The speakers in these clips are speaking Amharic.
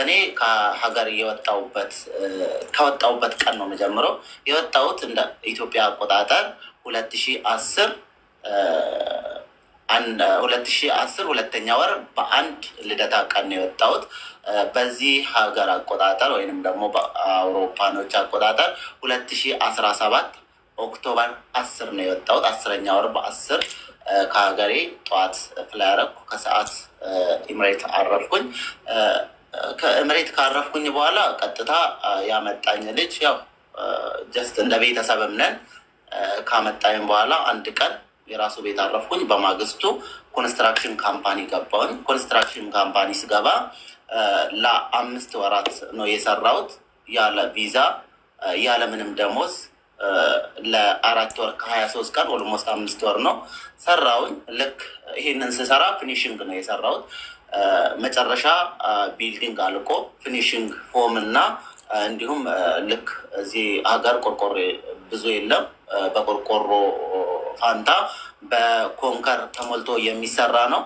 እኔ ከሀገር የወጣሁበት ከወጣሁበት ቀን ነው መጀምረው የወጣሁት እንደ ኢትዮጵያ አቆጣጠር ሁለት ሺ አስር ሁለት ሺ አስር ሁለተኛ ወር በአንድ ልደታ ቀን ነው የወጣሁት። በዚህ ሀገር አቆጣጠር ወይንም ደግሞ በአውሮፓኖች አቆጣጠር ሁለት ሺ አስራ ሰባት ኦክቶበር አስር ነው የወጣሁት። አስረኛ ወር በአስር ከሀገሬ ጠዋት ፍላይ አረኩ። ከሰዓት ኢምሬት አረፍኩኝ። ከእምሬት ካረፍኩኝ በኋላ ቀጥታ ያመጣኝ ልጅ ያው ጀስት እንደ ቤተሰብ እምነን ካመጣኝ በኋላ አንድ ቀን የራሱ ቤት አረፍኩኝ። በማግስቱ ኮንስትራክሽን ካምፓኒ ገባሁኝ። ኮንስትራክሽን ካምፓኒ ስገባ ለአምስት ወራት ነው የሰራሁት ያለ ቪዛ ያለ ምንም ደሞዝ ለአራት ወር ከሀያ ሶስት ቀን ኦልሞስት አምስት ወር ነው ሰራውኝ። ልክ ይሄንን ስሰራ ፊኒሽንግ ነው የሰራውት። መጨረሻ ቢልዲንግ አልቆ ፊኒሽንግ ፎም እና እንዲሁም ልክ እዚህ ሀገር ቆርቆሮ ብዙ የለም። በቆርቆሮ ፋንታ በኮንከር ተሞልቶ የሚሰራ ነው።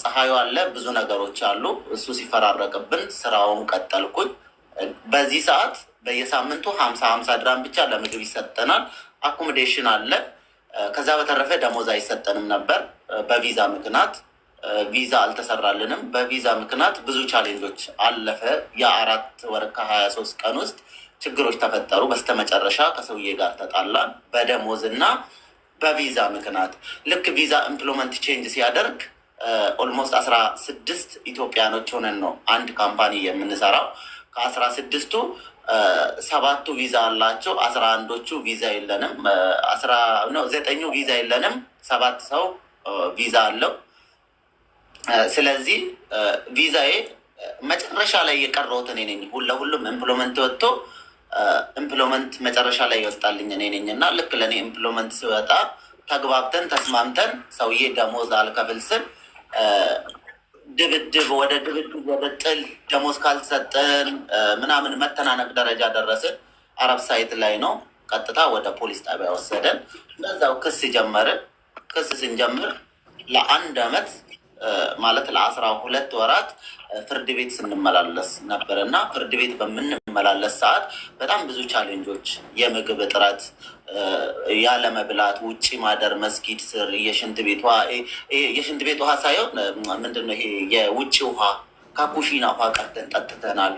ፀሐዩ አለ፣ ብዙ ነገሮች አሉ። እሱ ሲፈራረቅብን ስራውን ቀጠልኩኝ። በዚህ ሰዓት በየሳምንቱ ሀምሳ ሀምሳ ድራም ብቻ ለምግብ ይሰጠናል። አኮሞዴሽን አለ። ከዛ በተረፈ ደሞዝ አይሰጠንም ነበር በቪዛ ምክንያት ቪዛ አልተሰራልንም። በቪዛ ምክንያት ብዙ ቻሌንጆች አለፈ። የአራት ወር ከሀያ ሶስት ቀን ውስጥ ችግሮች ተፈጠሩ። በስተመጨረሻ ከሰውዬ ጋር ተጣላን በደሞዝ እና በቪዛ ምክንያት። ልክ ቪዛ ኢምፕሎመንት ቼንጅ ሲያደርግ ኦልሞስት አስራ ስድስት ኢትዮጵያኖች ሆነን ነው አንድ ካምፓኒ የምንሰራው። ከአስራ ስድስቱ ሰባቱ ቪዛ አላቸው፣ አስራ አንዶቹ ቪዛ የለንም፣ ዘጠኙ ቪዛ የለንም፣ ሰባት ሰው ቪዛ አለው። ስለዚህ ቪዛዬ መጨረሻ ላይ የቀረሁት እኔ ነኝ። ለሁሉም ኢምፕሎመንት ወጥቶ ኢምፕሎመንት መጨረሻ ላይ ይወጣልኝ እኔ ነኝ እና ልክ ለእኔ ኢምፕሎመንት ሲወጣ ተግባብተን ተስማምተን ሰውዬ ደሞዝ አልከፍል ስል ድብድብ ወደ ድብድብ ወደ ጥል ደሞዝ ካልሰጠን ምናምን መተናነቅ ደረጃ ደረስን። አረብ ሳይት ላይ ነው። ቀጥታ ወደ ፖሊስ ጣቢያ ወሰደን። በዛው ክስ ጀመርን። ክስ ስንጀምር ለአንድ አመት ማለት ለአስራ ሁለት ወራት ፍርድ ቤት ስንመላለስ ነበር እና ፍርድ ቤት በምንመላለስ ሰዓት በጣም ብዙ ቻሌንጆች፣ የምግብ እጥረት፣ ያለመብላት፣ ውጭ ማደር፣ መስጊድ ስር የሽንት ቤት ውሃ የሽንት ቤት ውሃ ሳይሆን ምንድነው ይሄ የውጭ ውሃ ካፑሺና ውሃ ቀርተን ጠጥተናል።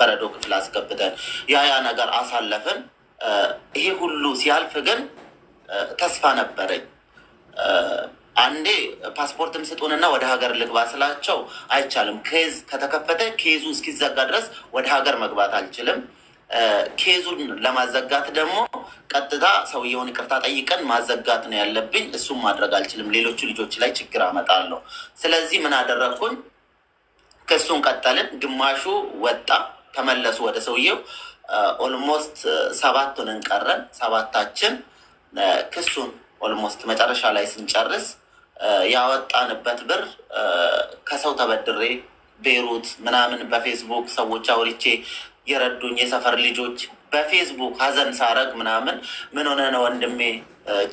በረዶ ክፍል አስገብተን ያ ያ ነገር አሳለፍን። ይሄ ሁሉ ሲያልፍ ግን ተስፋ ነበረኝ። አንዴ ፓስፖርትም ስጡንና ወደ ሀገር ልግባ ስላቸው አይቻልም። ኬዝ ከተከፈተ ኬዙ እስኪዘጋ ድረስ ወደ ሀገር መግባት አልችልም። ኬዙን ለማዘጋት ደግሞ ቀጥታ ሰውየውን ይቅርታ ጠይቀን ማዘጋት ነው ያለብኝ። እሱም ማድረግ አልችልም። ሌሎቹ ልጆች ላይ ችግር አመጣለሁ። ስለዚህ ምን አደረግኩኝ? ክሱን ቀጠልን። ግማሹ ወጣ፣ ተመለሱ ወደ ሰውየው። ኦልሞስት ሰባቱን እንቀረን። ሰባታችን ክሱን ኦልሞስት መጨረሻ ላይ ስንጨርስ ያወጣንበት ብር ከሰው ተበድሬ ቤሩት ምናምን በፌስቡክ ሰዎች አውርቼ የረዱኝ የሰፈር ልጆች በፌስቡክ ሀዘን ሳረግ ምናምን ምን ሆነ ነው ወንድሜ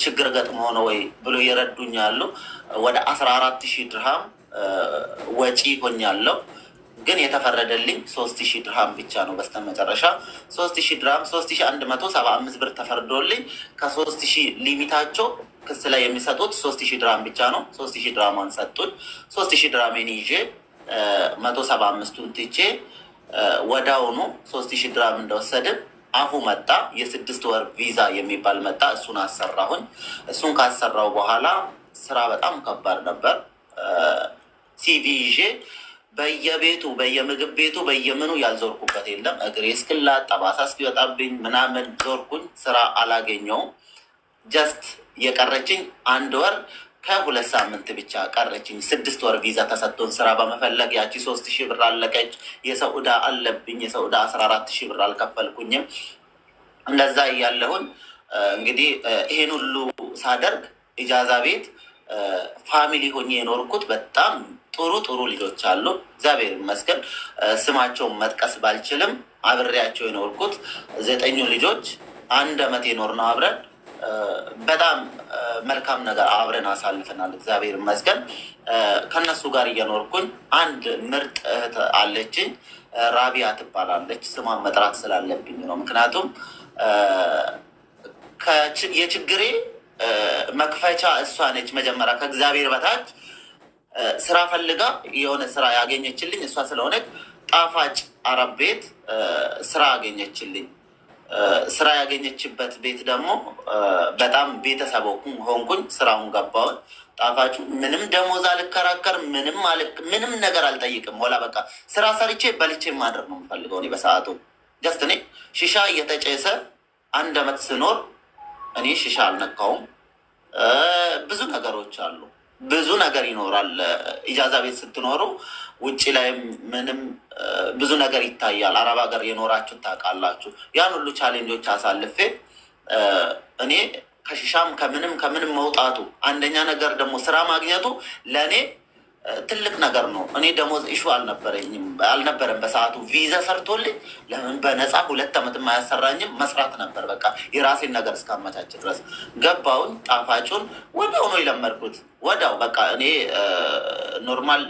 ችግር ገጥሞ ሆነ ወይ ብሎ የረዱኝ አሉ። ወደ አስራ አራት ሺህ ድርሃም ወጪ ሆኛለሁ። ግን የተፈረደልኝ ሶስት ሺህ ድርሃም ብቻ ነው። በስተመጨረሻ ሶስት ሺህ ድርሃም ሶስት ሺህ አንድ መቶ ሰባ አምስት ብር ተፈርዶልኝ ከሶስት ሺህ ሊሚታቸው ክስ ላይ የሚሰጡት ሶስት ሺህ ድራም ብቻ ነው። ሶስት ሺህ ድራማን ሰጡት። ሶስት ሺህ ድራሜን ይዤ መቶ ሰባ አምስቱን ትቼ ወዳውኑ ሶስት ሺህ ድራም እንደወሰድም አፉ መጣ። የስድስት ወር ቪዛ የሚባል መጣ። እሱን አሰራሁኝ። እሱን ካሰራው በኋላ ስራ በጣም ከባድ ነበር። ሲቪ ይዤ በየቤቱ በየምግብ ቤቱ በየምኑ ያልዞርኩበት የለም። እግሬ እስክላ ጠባሳ እስኪወጣብኝ ምናምን ዞርኩኝ። ስራ አላገኘውም ጀስት የቀረችኝ አንድ ወር ከሁለት ሳምንት ብቻ ቀረችኝ። ስድስት ወር ቪዛ ተሰጥቶን ስራ በመፈለግ ያቺ ሶስት ሺህ ብር አለቀች። የሰው ዕዳ አለብኝ። የሰው ዕዳ አስራ አራት ሺህ ብር አልከፈልኩኝም። እንደዛ እያለሁን እንግዲህ ይሄን ሁሉ ሳደርግ ኢጃዛ ቤት ፋሚሊ ሆኜ የኖርኩት በጣም ጥሩ ጥሩ ልጆች አሉ፣ እግዚአብሔር ይመስገን። ስማቸውን መጥቀስ ባልችልም አብሬያቸው የኖርኩት ዘጠኙ ልጆች አንድ አመት የኖር ነው አብረን በጣም መልካም ነገር አብረን አሳልፈናል። እግዚአብሔር ይመስገን። ከነሱ ጋር እየኖርኩኝ አንድ ምርጥ እህት አለችኝ፣ ራቢያ ትባላለች። ስሟን መጥራት ስላለብኝ ነው። ምክንያቱም የችግሬ መክፈቻ እሷ ነች። መጀመሪያ ከእግዚአብሔር በታች ስራ ፈልጋ የሆነ ስራ ያገኘችልኝ እሷ ስለሆነች ጣፋጭ አረብ ቤት ስራ አገኘችልኝ። ስራ ያገኘችበት ቤት ደግሞ በጣም ቤተሰብ ሆንኩኝ። ስራውን ገባውን ጣፋጩ ምንም ደሞዝ አልከራከር፣ ምንም ምንም ነገር አልጠይቅም። ኋላ በቃ ስራ ሰርቼ በልቼ ማድረግ ነው የምፈልገው እኔ በሰዓቱ ጀስት እኔ ሽሻ እየተጨሰ አንድ አመት ስኖር እኔ ሽሻ አልነካውም። ብዙ ነገሮች አሉ ብዙ ነገር ይኖራል። ኢጃዛ ቤት ስትኖሩ ውጭ ላይ ምንም ብዙ ነገር ይታያል። አረብ ሀገር የኖራችሁ ታውቃላችሁ። ያን ሁሉ ቻሌንጆች አሳልፌ እኔ ከሽሻም ከምንም ከምንም መውጣቱ አንደኛ ነገር ደግሞ ስራ ማግኘቱ ለእኔ ትልቅ ነገር ነው። እኔ ደሞዝ ኢሹ አልነበረኝም አልነበረም በሰዓቱ ቪዛ ሰርቶልኝ ለምን በነፃ ሁለት ዓመት አያሰራኝም መስራት ነበር። በቃ የራሴን ነገር እስካመቻች ድረስ ገባውን ጣፋጩን ወዲያው ነው የለመድኩት። ወዲያው በቃ እኔ ኖርማል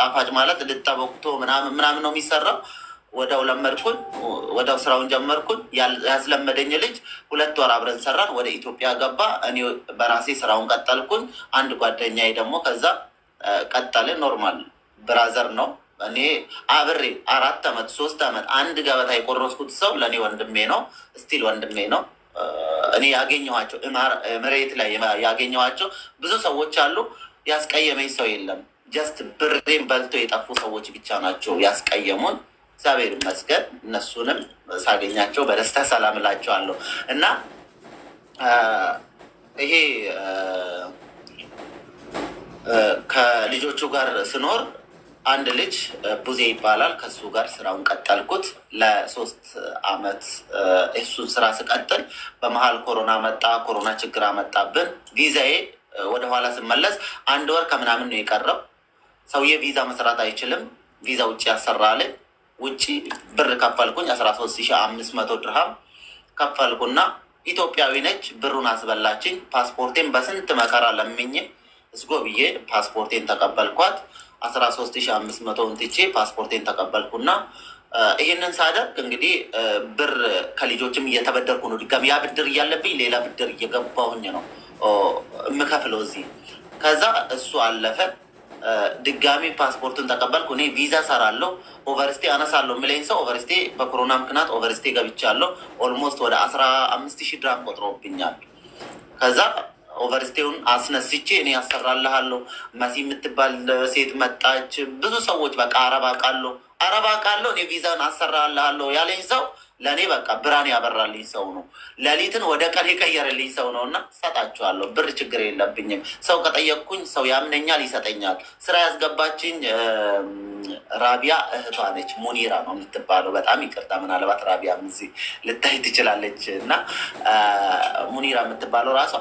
ጣፋጭ ማለት ልጠበቁቶ ምናምን ምናምን ነው የሚሰራው። ወዲያው ለመድኩን፣ ወዲያው ስራውን ጀመርኩን። ያስለመደኝ ልጅ ሁለት ወር አብረን ሰራን። ወደ ኢትዮጵያ ገባ። እኔ በራሴ ስራውን ቀጠልኩን። አንድ ጓደኛዬ ደግሞ ከዛ ቀጠለ። ኖርማል ብራዘር ነው። እኔ አብሬ አራት አመት ሶስት አመት አንድ ገበታ የቆረስኩት ሰው ለእኔ ወንድሜ ነው፣ ስቲል ወንድሜ ነው። እኔ ያገኘኋቸው መሬት ላይ ያገኘኋቸው ብዙ ሰዎች አሉ። ያስቀየመኝ ሰው የለም። ጀስት ብሬን በልቶ የጠፉ ሰዎች ብቻ ናቸው ያስቀየሙን። እግዚአብሔር ይመስገን። እነሱንም ሳገኛቸው በደስታ ሰላም እላቸዋለሁ እና ይሄ ከልጆቹ ጋር ስኖር አንድ ልጅ ቡዜ ይባላል። ከሱ ጋር ስራውን ቀጠልኩት ለሶስት አመት። እሱን ስራ ስቀጥል በመሀል ኮሮና መጣ። ኮሮና ችግር አመጣብን። ቪዛዬ ወደኋላ ስመለስ አንድ ወር ከምናምን ነው የቀረው። ሰውዬ ቪዛ መስራት አይችልም። ቪዛ ውጭ ያሰራልኝ። ውጭ ብር ከፈልኩኝ አስራ ሶስት ሺ አምስት መቶ ድርሃም ከፈልኩና ኢትዮጵያዊ ነች ብሩን አስበላችኝ። ፓስፖርቴን በስንት መከራ ለምኜ እዝጎ ብዬ ፓስፖርቴን ተቀበልኳት። አስራ ሶስት ሺ አምስት መቶውን ትቼ ፓስፖርቴን ተቀበልኩና ይህንን ሳደርግ እንግዲህ ብር ከልጆችም እየተበደርኩ ነው። ድጋሚ ያ ብድር እያለብኝ ሌላ ብድር እየገባሁኝ ነው የምከፍለው እዚህ። ከዛ እሱ አለፈ። ድጋሚ ፓስፖርቱን ተቀበልኩ። እኔ ቪዛ ሰራለሁ፣ ኦቨርስቴ አነሳለሁ የሚለኝ ሰው ኦቨርስቴ፣ በኮሮና ምክንያት ኦቨርስቴ ገብቻለሁ። ኦልሞስት ወደ አስራ አምስት ሺ ድራም ቆጥሮብኛል። ከዛ ኦቨርስቴውን አስነስቼ እኔ ያሰራልሃለሁ። መሲ የምትባል ሴት መጣች። ብዙ ሰዎች በቃ አረብ አውቃለሁ አረብ አውቃለሁ እኔ ቪዛን አሰራልሃለሁ ያለኝ ሰው ለእኔ በቃ ብርሃን ያበራልኝ ሰው ነው። ሌሊትን ወደ ቀን የቀየረልኝ ሰው ነው እና ሰጣችኋለሁ። ብር ችግር የለብኝም። ሰው ከጠየቅኩኝ ሰው ያምነኛል፣ ይሰጠኛል። ስራ ያስገባችኝ ራቢያ እህቷ ነች፣ ሙኒራ ነው የምትባለው። በጣም ይቅርታ፣ ምናልባት ራቢያ ምዚ ልታይ ትችላለች እና ሙኒራ የምትባለው ራሷ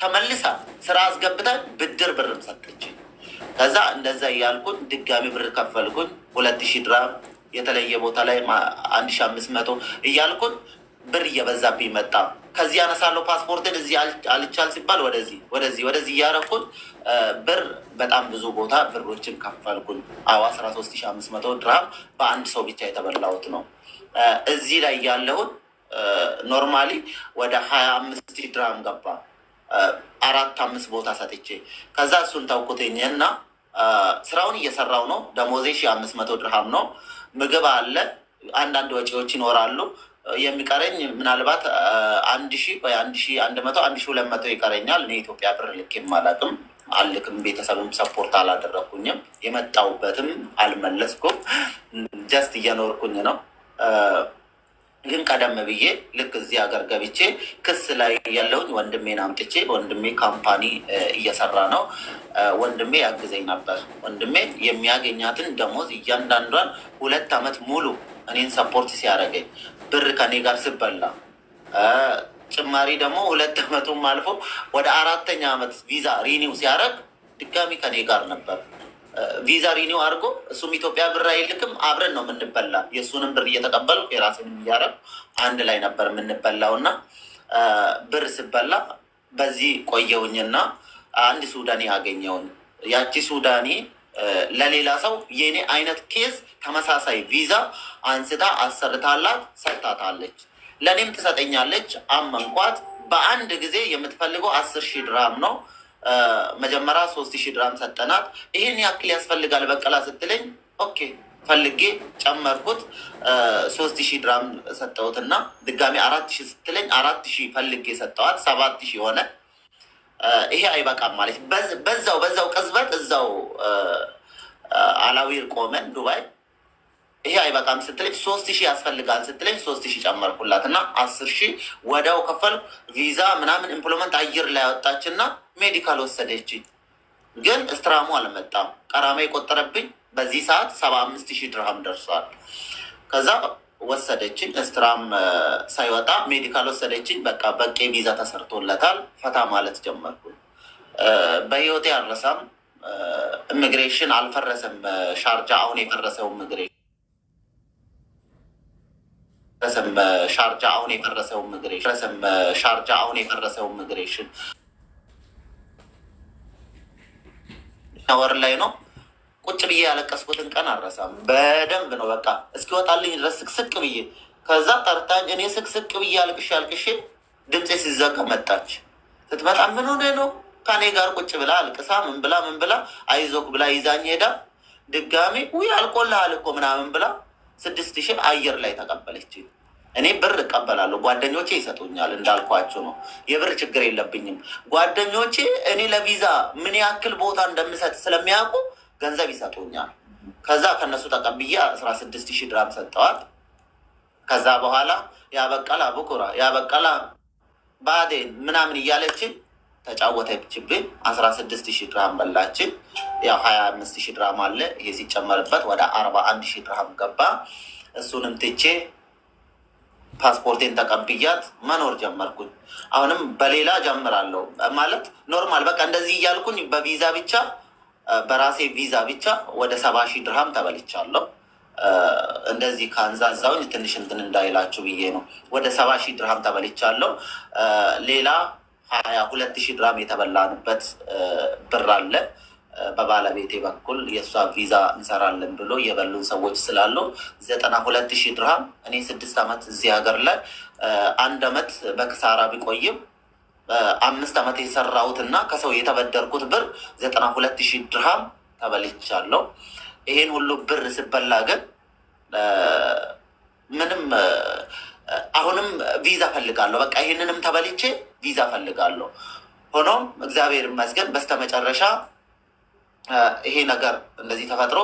ተመልሳ ስራ አስገብተን ብድር ብርም ሰጠች። ከዛ እንደዛ እያልኩን ድጋሚ ብር ከፈልኩኝ ሁለት ሺ ድራም የተለየ ቦታ ላይ አንድ ሺ አምስት መቶ እያልኩን ብር እየበዛብኝ መጣ። ከዚህ ያነሳለው ፓስፖርትን እዚህ አልቻል ሲባል ወደዚህ ወደዚህ ወደዚህ እያረኩን ብር በጣም ብዙ ቦታ ብሮችን ከፈልኩን። አዎ አስራ ሶስት ሺ አምስት መቶ ድራም በአንድ ሰው ብቻ የተበላሁት ነው። እዚህ ላይ ያለውን ኖርማሊ ወደ ሀያ አምስት ሺ ድራም ገባ። አራት አምስት ቦታ ሰጥቼ ከዛ እሱን ተውኩትኝ እና ስራውን እየሰራው ነው። ደሞዜ ሺ አምስት መቶ ድርሃም ነው። ምግብ አለ፣ አንዳንድ ወጪዎች ይኖራሉ። የሚቀረኝ ምናልባት አንድ ሺ ወይ አንድ ሺ አንድ መቶ አንድ ሺ ሁለት መቶ ይቀረኛል። እኔ ኢትዮጵያ ብር ልኬም አላውቅም አልክም ቤተሰብም ሰፖርት አላደረኩኝም። የመጣውበትም አልመለስኩም። ጀስት እየኖርኩኝ ነው። ግን ቀደም ብዬ ልክ እዚህ ሀገር ገብቼ ክስ ላይ ያለውን ወንድሜን አምጥቼ ወንድሜ ካምፓኒ እየሰራ ነው፣ ወንድሜ ያግዘኝ ነበር። ወንድሜ የሚያገኛትን ደሞዝ እያንዳንዷን ሁለት ዓመት ሙሉ እኔን ሰፖርት ሲያደርገኝ ብር ከኔ ጋር ስበላ ጭማሪ ደግሞ ሁለት ዓመቱም አልፎ ወደ አራተኛ ዓመት ቪዛ ሪኒው ሲያደርግ ድጋሚ ከኔ ጋር ነበር። ቪዛ ሪኒው አድርጎ እሱም ኢትዮጵያ ብር አይልክም። አብረን ነው የምንበላ። የእሱንም ብር እየተቀበልኩ የራሴንም እያደረኩ አንድ ላይ ነበር የምንበላው እና ብር ስበላ በዚህ ቆየውኝና አንድ ሱዳኔ አገኘውን። ያቺ ሱዳኔ ለሌላ ሰው የኔ አይነት ኬስ ተመሳሳይ ቪዛ አንስታ አሰርታላት ሰርታታለች። ለእኔም ትሰጠኛለች። አመንኳት። በአንድ ጊዜ የምትፈልገው አስር ሺህ ድራም ነው። መጀመሪያ ሶስት ሺህ ድራም ሰጠናት። ይህን ያክል ያስፈልጋል በቀላ ስትለኝ ኦኬ ፈልጌ ጨመርኩት። ሶስት ሺህ ድራም ሰጠሁትና ድጋሚ አራት ሺህ ስትለኝ አራት ሺህ ፈልጌ ሰጠዋት። ሰባት ሺህ ሆነ። ይሄ አይበቃም ማለት በዛው በዛው ቅጽበት እዛው አላዊር ቆመን ዱባይ ይሄ አይበቃም ስትለኝ ሶስት ሺህ ያስፈልጋል ስትለኝ ሶስት ሺህ ጨመርኩላት እና አስር ሺህ ወዲያው ከፈል ቪዛ ምናምን ኢምፕሎመንት አየር ላይ ያወጣችና ሜዲካል ወሰደች። ግን እስትራሙ አልመጣም። ቀራማ የቆጠረብኝ በዚህ ሰዓት ሰባ አምስት ሺህ ድርሃም ደርሷል። ከዛ ወሰደችኝ። እስትራም ሳይወጣ ሜዲካል ወሰደችኝ። በቃ በቄ ቪዛ ተሰርቶለታል። ፈታ ማለት ጀመርኩ። በህይወቴ አልረሳም። ኢሚግሬሽን አልፈረሰም። ሻርጃ አሁን የፈረሰው ኢሚግሬሽን ረሰም ሻርጃ አሁን የፈረሰው ረሰም ሻርጃ አሁን የፈረሰው ምድሬሽን ነወር ላይ ነው ቁጭ ብዬ ያለቀስኩትን ቀን አረሳም። በደንብ ነው በቃ እስኪወጣልኝ ድረስ ስቅስቅ ብዬ ከዛ ጠርታኝ እኔ ስቅስቅ ብዬ አልቅሽ አልቅሽ ድምፄ ሲዘጋ መጣች። ስትመጣ ምን ሆነ ነው ከኔ ጋር ቁጭ ብላ አልቅሳ ምን ብላ ምን ብላ አይዞክ ብላ ይዛኝ ሄዳ ድጋሚ ውይ አልቆልሃል እኮ ምናምን ብላ ስድስት ሺህ አየር ላይ ተቀበለች። እኔ ብር እቀበላለሁ፣ ጓደኞቼ ይሰጡኛል። እንዳልኳቸው ነው፣ የብር ችግር የለብኝም። ጓደኞቼ እኔ ለቪዛ ምን ያክል ቦታ እንደምሰጥ ስለሚያውቁ ገንዘብ ይሰጡኛል። ከዛ ከነሱ ተቀብዬ አስራ ስድስት ሺህ ድራም ሰጠዋል። ከዛ በኋላ ያበቀላ ብኩራ ያበቀላ ባዴን ምናምን እያለችን ተጫወተችብን 16 ሺህ ድርሃም በላችን። ያው 25 ሺህ ድራም አለ ይሄ ሲጨመርበት ወደ 41 ሺህ ድርሃም ገባ። እሱንም ትቼ ፓስፖርቴን ተቀብያት መኖር ጀመርኩኝ። አሁንም በሌላ ጀምራለሁ ማለት ኖርማል በቃ እንደዚህ እያልኩኝ በቪዛ ብቻ በራሴ ቪዛ ብቻ ወደ ሰባ ሺህ ድርሃም ተበልቻለሁ። እንደዚህ ከአንዛዛውኝ ትንሽ እንትን እንዳይላችሁ ብዬ ነው። ወደ ሰባ ሺህ ድርሃም ተበልቻለሁ ሌላ ሀያ ሁለት ሺህ ድራም የተበላንበት ብር አለ። በባለቤቴ በኩል የእሷ ቪዛ እንሰራለን ብሎ የበሉን ሰዎች ስላሉ ዘጠና ሁለት ሺህ ድራም እኔ ስድስት ዓመት እዚህ ሀገር ላይ አንድ ዓመት በክሳራ ቢቆይም አምስት ዓመት የሰራሁት እና ከሰው የተበደርኩት ብር ዘጠና ሁለት ሺህ ድርሃም ተበልቻለሁ። ይሄን ሁሉ ብር ስበላ ግን ምንም አሁንም ቪዛ ፈልጋለሁ፣ በቃ ይህንንም ተበልቼ ቪዛ ፈልጋለሁ። ሆኖም እግዚአብሔር ይመስገን በስተመጨረሻ ይሄ ነገር እንደዚህ ተፈጥሮ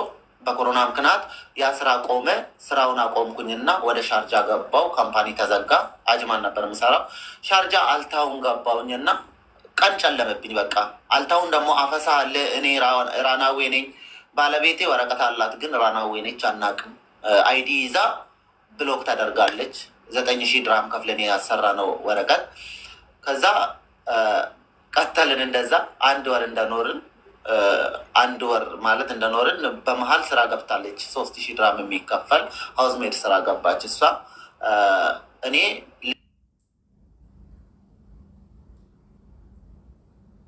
በኮሮና ምክንያት ያ ስራ ቆመ። ስራውን አቆምኩኝና ወደ ሻርጃ ገባው። ካምፓኒ ተዘጋ። አጅማን ነበር የምሰራው። ሻርጃ አልታውን ገባውኝና ቀን ጨለመብኝ። በቃ አልታውን ደግሞ አፈሳ አለ። እኔ ራናዌ ነኝ። ባለቤቴ ወረቀት አላት፣ ግን ራናዌ ነች። አናቅም። አይዲ ይዛ ብሎክ ተደርጋለች። ዘጠኝ ሺህ ድራም ከፍለን ያሰራ ነው ወረቀት። ከዛ ቀጠልን እንደዛ አንድ ወር እንደኖርን አንድ ወር ማለት እንደኖርን በመሀል ስራ ገብታለች። ሶስት ሺህ ድራም የሚከፈል ሀውዝሜድ ስራ ገባች እሷ እኔ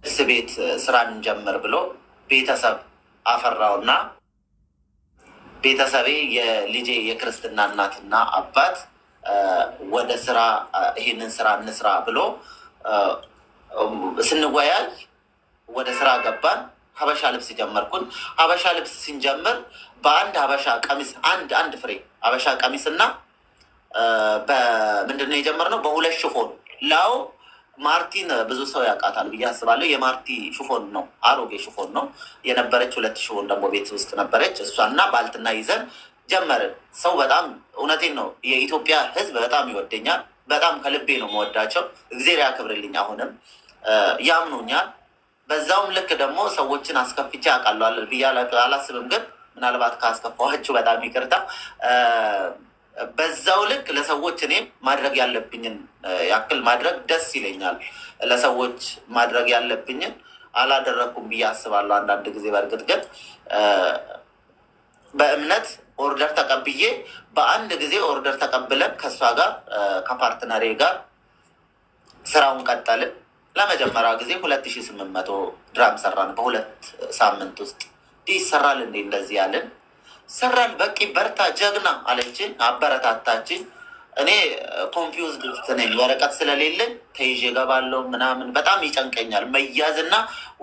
ልብስ ቤት ስራ እንጀምር ብሎ ቤተሰብ አፈራውና ቤተሰቤ የልጄ የክርስትና እናትና አባት ወደ ስራ ይህንን ስራ እንስራ ብሎ ስንወያይ ወደ ስራ ገባን። ሀበሻ ልብስ ጀመርኩን። ሀበሻ ልብስ ስንጀምር በአንድ ሀበሻ ቀሚስ አንድ አንድ ፍሬ ሀበሻ ቀሚስ እና በምንድን ነው የጀመርነው? በሁለት ሽፎን ላው ማርቲን ብዙ ሰው ያውቃታል ብዬ አስባለሁ። የማርቲ ሽፎን ነው፣ አሮጌ ሽፎን ነው የነበረች። ሁለት ሽፎን ደግሞ ቤት ውስጥ ነበረች። እሷና ባልትና ይዘን ጀመርን። ሰው በጣም እውነቴን ነው የኢትዮጵያ ህዝብ በጣም ይወደኛል። በጣም ከልቤ ነው መወዳቸው። እግዜር ያክብርልኝ። አሁንም ያምኑኛል። በዛውም ልክ ደግሞ ሰዎችን አስከፍቼ አውቃለሁ ብዬ አላስብም፣ ግን ምናልባት ካስከፋኋችሁ በጣም ይቅርታ። በዛው ልክ ለሰዎች እኔም ማድረግ ያለብኝን ያክል ማድረግ ደስ ይለኛል። ለሰዎች ማድረግ ያለብኝን አላደረግኩም ብዬ አስባለሁ አንዳንድ ጊዜ። በእርግጥ ግን በእምነት ኦርደር ተቀብዬ በአንድ ጊዜ ኦርደር ተቀብለን ከእሷ ጋር ከፓርትነሬ ጋር ስራውን ቀጠልን። ለመጀመሪያ ጊዜ ሁለት ሺ ስምንት መቶ ድራም ሰራን በሁለት ሳምንት ውስጥ። ዲ ይሰራል እንዴ እንደዚህ ያለን ሰራን። በቂ በርታ፣ ጀግና አለችን፣ አበረታታችን። እኔ ኮንፊውዝ ግፍት ነኝ፣ ወረቀት ስለሌለኝ ተይዤ እገባለሁ ምናምን በጣም ይጨንቀኛል መያዝና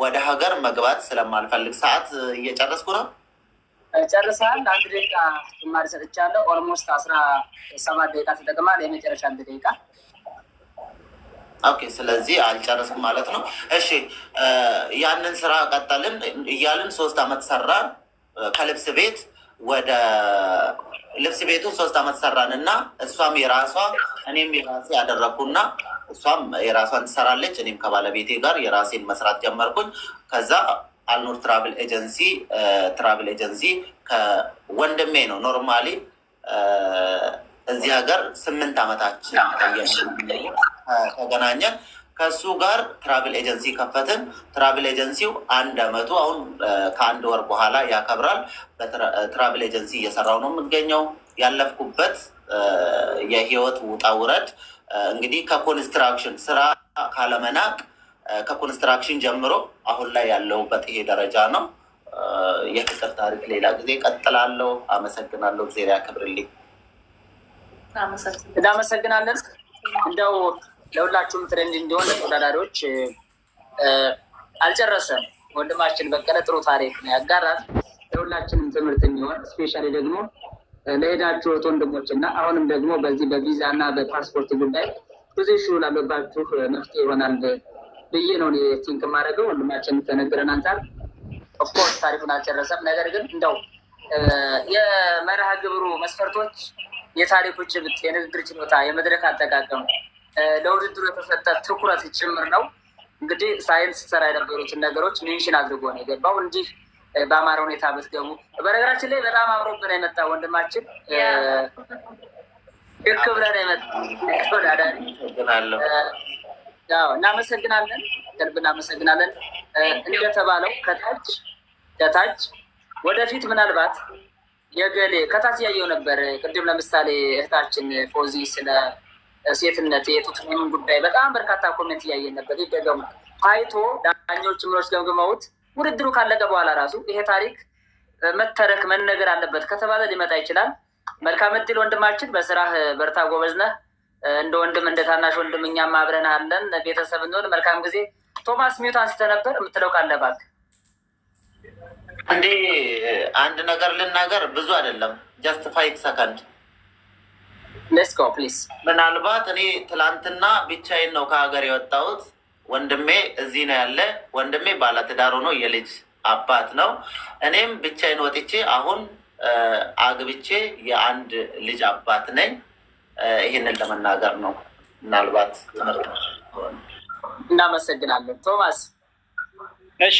ወደ ሀገር መግባት ስለማልፈልግ ሰዓት እየጨረስኩ ነው። ጨርሰሃል። አንድ ደቂቃ ጭማሪ ሰጥቻለሁ። ኦልሞስት አስራ ሰባት ደቂቃ ተጠቅማል። የመጨረሻ አንድ ደቂቃ ኦኬ። ስለዚህ አልጨርስም ማለት ነው። እሺ፣ ያንን ስራ ቀጠልን እያልን ሶስት አመት ሰራን። ከልብስ ቤት ወደ ልብስ ቤቱ ሶስት አመት ሰራን እና እሷም የራሷ እኔም የራሴ ያደረግኩና እሷም የራሷን ትሰራለች። እኔም ከባለቤቴ ጋር የራሴን መስራት ጀመርኩኝ ከዛ አልኖር ትራቭል ኤጀንሲ ትራቭል ኤጀንሲ ከወንድሜ ነው። ኖርማሊ እዚህ ሀገር ስምንት ዓመታችን ተገናኘን። ከእሱ ጋር ትራቭል ኤጀንሲ ከፈትን። ትራቭል ኤጀንሲው አንድ አመቱ አሁን ከአንድ ወር በኋላ ያከብራል። በትራቭል ኤጀንሲ እየሰራው ነው የምገኘው። ያለፍኩበት የህይወት ውጣ ውረድ እንግዲህ ከኮንስትራክሽን ስራ ካለመናቅ ከኮንስትራክሽን ጀምሮ አሁን ላይ ያለሁበት ይሄ ደረጃ ነው። የፍቅር ታሪክ ሌላ ጊዜ ቀጥላለሁ። አመሰግናለሁ። ጊዜ ያክብርልኝ። እናመሰግናለን። እንደው ለሁላችሁም ትሬንድ እንዲሆን ለተወዳዳሪዎች አልጨረሰም። ወንድማችን በቀለ ጥሩ ታሪክ ነው ያጋራል። ለሁላችንም ትምህርት እንዲሆን እስፔሻሊ ደግሞ ለሄዳችሁት ወንድሞች እና አሁንም ደግሞ በዚህ በቪዛ እና በፓስፖርት ጉዳይ ብዙ ሹ ላለባችሁ መፍትሄ ይሆናል። ብዬ ነው ቲንክ የማደርገው። ወንድማችን ከነገረን አንጻር ኦፍኮርስ ታሪፉን አልጨረሰም። ነገር ግን እንደው የመርሃ ግብሩ መስፈርቶች የታሪኩ ጭብጥ፣ የንግግር ችሎታ፣ የመድረክ አጠቃቀም፣ ለውድድሩ የተሰጠ ትኩረት ጭምር ነው። እንግዲህ ሳይንስ ሰራ የነበሩትን ነገሮች ሜንሽን አድርጎ ነው የገባው። እንዲህ በአማረ ሁኔታ ብትገቡ። በነገራችን ላይ በጣም አምሮብን የመጣ ወንድማችን ክብረን የመጣ ክብረን የመጣ እናመሰግናለን። ከልብ እናመሰግናለን። እንደተባለው ከታች ከታች ወደፊት ምናልባት የገሌ ከታች ያየው ነበር ቅድም ለምሳሌ እህታችን ፎዚ ስለ ሴትነት የጡት ወይም ጉዳይ በጣም በርካታ ኮሜንት እያየን ነበር። ይደገሙ ታይቶ ዳኞች ምኖች ገምግመውት ውድድሩ ካለቀ በኋላ ራሱ ይሄ ታሪክ መተረክ መነገር አለበት ከተባለ ሊመጣ ይችላል። መልካም እድል ወንድማችን፣ በስራህ በርታ፣ ጎበዝ ነህ። እንደ ወንድም እንደ ታናሽ ወንድም እኛም አብረን አለን ቤተሰብ እንሆን። መልካም ጊዜ። ቶማስ ሚዩት አንስተ ነበር የምትለው ካለ እባክህ። እንዴ አንድ ነገር ልናገር፣ ብዙ አይደለም፣ ጀስት ፋይቭ ሰከንድ ሌስ ጎ ምናልባት እኔ ትላንትና ብቻዬን ነው ከሀገር የወጣሁት። ወንድሜ እዚህ ነው ያለ። ወንድሜ ባለትዳር ሆኖ የልጅ አባት ነው። እኔም ብቻዬን ወጥቼ አሁን አግብቼ የአንድ ልጅ አባት ነኝ። ይህንን ለመናገር ነው። ምናልባት ትምህርት እናመሰግናለን ቶማስ። እሺ